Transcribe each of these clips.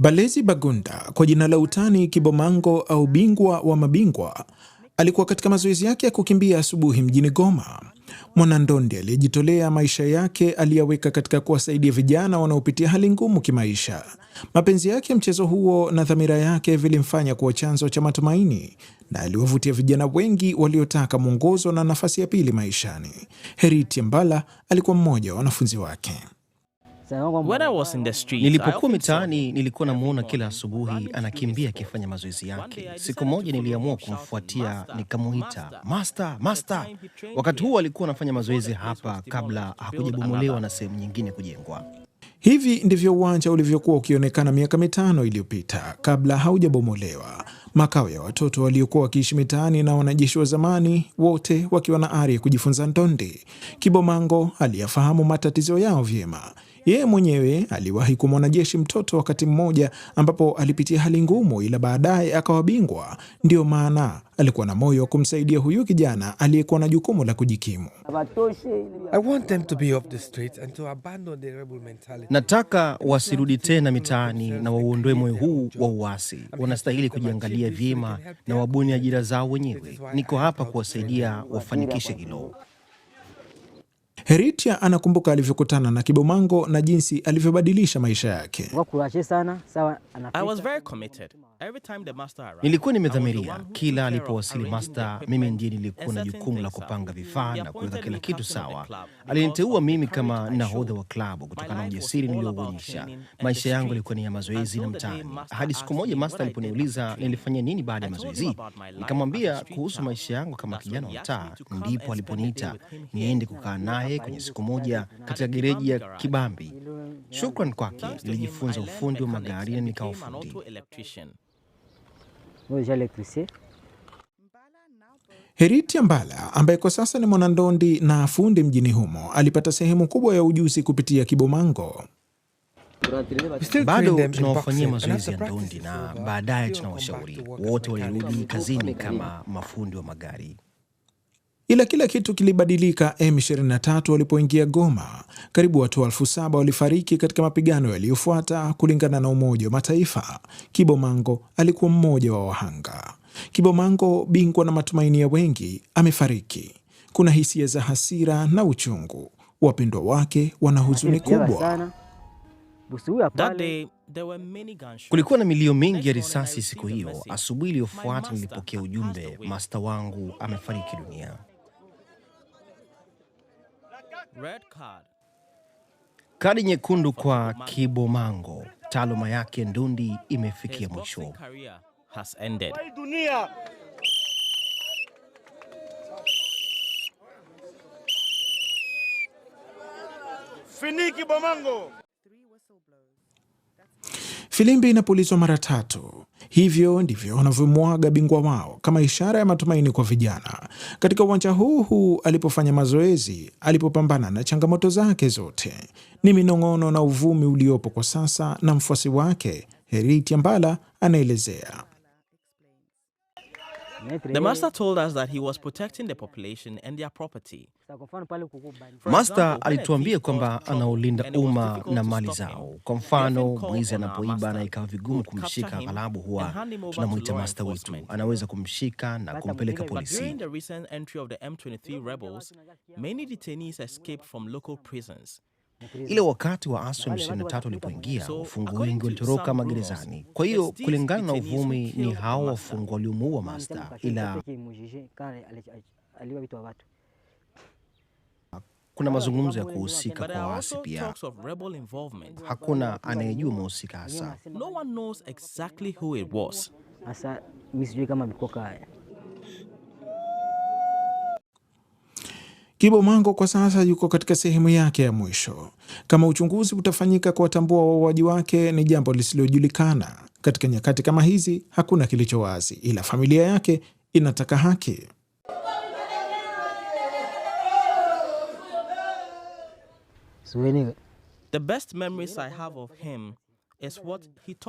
Balezi Bagunda kwa jina la utani Kibomango au bingwa wa mabingwa alikuwa katika mazoezi yake ya kukimbia asubuhi mjini Goma. Mwanandondi aliyejitolea maisha yake aliyaweka katika kuwasaidia vijana wanaopitia hali ngumu kimaisha. Mapenzi yake mchezo huo na dhamira yake vilimfanya kuwa chanzo cha matumaini na aliwavutia vijana wengi waliotaka mwongozo na nafasi ya pili maishani. Heriti Mbala alikuwa mmoja wa wanafunzi wake. Nilipokuwa mitaani nilikuwa namwona kila asubuhi anakimbia akifanya mazoezi yake. Siku moja niliamua kumfuatia nikamuita, Masta, Masta. Wakati huo alikuwa anafanya mazoezi hapa kabla hakujabomolewa na sehemu nyingine kujengwa. Hivi ndivyo uwanja ulivyokuwa ukionekana miaka mitano iliyopita kabla haujabomolewa. Makao ya watoto waliokuwa wakiishi mitaani na wanajeshi wa zamani, wote wakiwa na ari ya kujifunza ndondi. Kibomango aliyafahamu matatizo yao vyema. Yeye mwenyewe aliwahi kuwa mwanajeshi mtoto wakati mmoja, ambapo alipitia hali ngumu, ila baadaye akawa bingwa. Ndiyo maana alikuwa na moyo wa kumsaidia huyu kijana aliyekuwa na jukumu la kujikimu. Nataka wasirudi tena mitaani na wauondoe moyo huu wa uasi. Wanastahili kujiangalia vyema na wabuni ajira zao wenyewe. Niko hapa kuwasaidia wafanikishe hilo. Heritia anakumbuka alivyokutana na Kibomango na jinsi alivyobadilisha maisha yake. Nilikuwa nimedhamiria, kila alipowasili masta, mimi ndiye nilikuwa na jukumu la uh, kupanga vifaa na kuweka kila kitu sawa. Aliniteua mimi kama nahodha wa klabu kutokana na ujasiri niliouonyesha. Maisha yangu ilikuwa ni ya mazoezi na mtaani, hadi siku moja masta aliponiuliza nilifanya nini baada ya mazoezi, nikamwambia kuhusu maisha yangu kama kijana wa mtaa. Ndipo aliponiita niende kukaa naye kwenye siku moja katika gereji ya Kibambi. Shukran kwake nilijifunza ufundi wa magari na nikawa fundi. Heriti Ambala ambaye kwa sasa ni mwanandondi na fundi mjini humo alipata sehemu kubwa ya ujuzi kupitia Kibomango. Bado tunawafanyia mazoezi ya ndondi na baadaye tunawashauri wote walirudi kazini kama mafundi wa magari. Ila kila kitu kilibadilika M23 walipoingia Goma. Karibu watu elfu saba walifariki katika mapigano yaliyofuata, kulingana na Umoja wa Mataifa. Kibomango alikuwa mmoja wa wahanga. Kibomango, bingwa na matumaini ya wengi, amefariki. Kuna hisia za hasira na uchungu. Wapendwa wake wana huzuni kubwa. Kulikuwa na milio mingi ya risasi siku hiyo. Asubuhi iliyofuata nilipokea ujumbe, masta wangu amefariki dunia. Kadi nyekundu kwa Kibomango, taaluma yake ndundi imefikia mwisho. Filimbi inapulizwa mara tatu. Hivyo ndivyo wanavyomwaga bingwa wao kama ishara ya matumaini kwa vijana. Katika uwanja huu huu alipofanya mazoezi, alipopambana na changamoto zake zote, ni minong'ono na uvumi uliopo kwa sasa, na mfuasi wake Heri Ambala anaelezea. The master told us that he was protecting the population and their property. Master alituambia kwamba anaulinda umma na mali zao. Kwa mfano, mwizi anapoiba na ikawa vigumu kumshika, ghalabu huwa tunamwita master wetu, anaweza kumshika na kumpeleka polisi. During the recent entry of the M23 rebels, many detainees escaped from local prisons. Ile wakati wa asi wa 53 ulipoingia, wafungwa wengi walitoroka magerezani. Kwa hiyo kulingana na uvumi, ni hao wafungwa waliomuua Masta, ila kuna mazungumzo ya kuhusika kwa waasi pia. Hakuna anayejua mhusika hasa. Kibomango kwa sasa yuko katika sehemu yake ya mwisho. Kama uchunguzi utafanyika kuwatambua wauaji wake, ni jambo lisilojulikana. Katika nyakati kama hizi, hakuna kilicho wazi, ila familia yake inataka haki. The best memories I have of him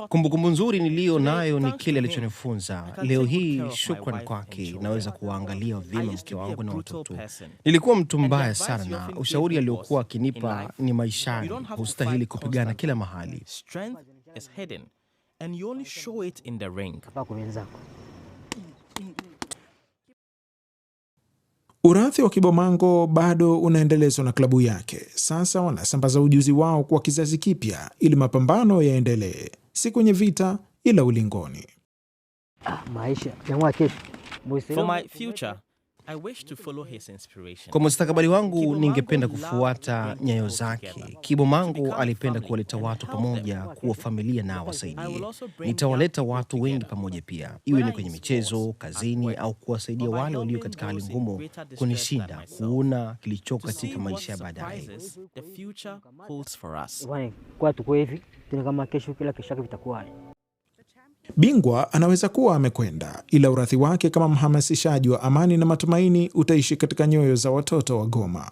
Kumbukumbu nzuri niliyo nayo ni kile alichonifunza. Leo hii, shukran kwake, naweza kuwaangalia vyema mke wangu na watoto. Nilikuwa mtu mbaya sana. Ushauri aliokuwa akinipa ni maishani, hustahili kupigana kila mahali. urathi wa Kibomango bado unaendelezwa na klabu yake. Sasa wanasambaza ujuzi wao kwa kizazi kipya ili mapambano yaendelee, si kwenye vita ila ulingoni. Ah, maisha. For my future, kwa mustakabali wangu ningependa kufuata nyayo zake. Kibo Mangu alipenda kuwaleta watu pamoja, kuwa familia na awasaidie. Nitawaleta watu wengi pamoja pia, iwe ni kwenye michezo, kazini, au kuwasaidia wale walio katika hali ngumu kunishinda, kuona kilicho katika maisha ya baadaye. Kwa tuko hivi tena, kama kesho kila kesho yake vitakuwaje? Bingwa anaweza kuwa amekwenda, ila urithi wake kama mhamasishaji wa amani na matumaini utaishi katika nyoyo za watoto wa Goma.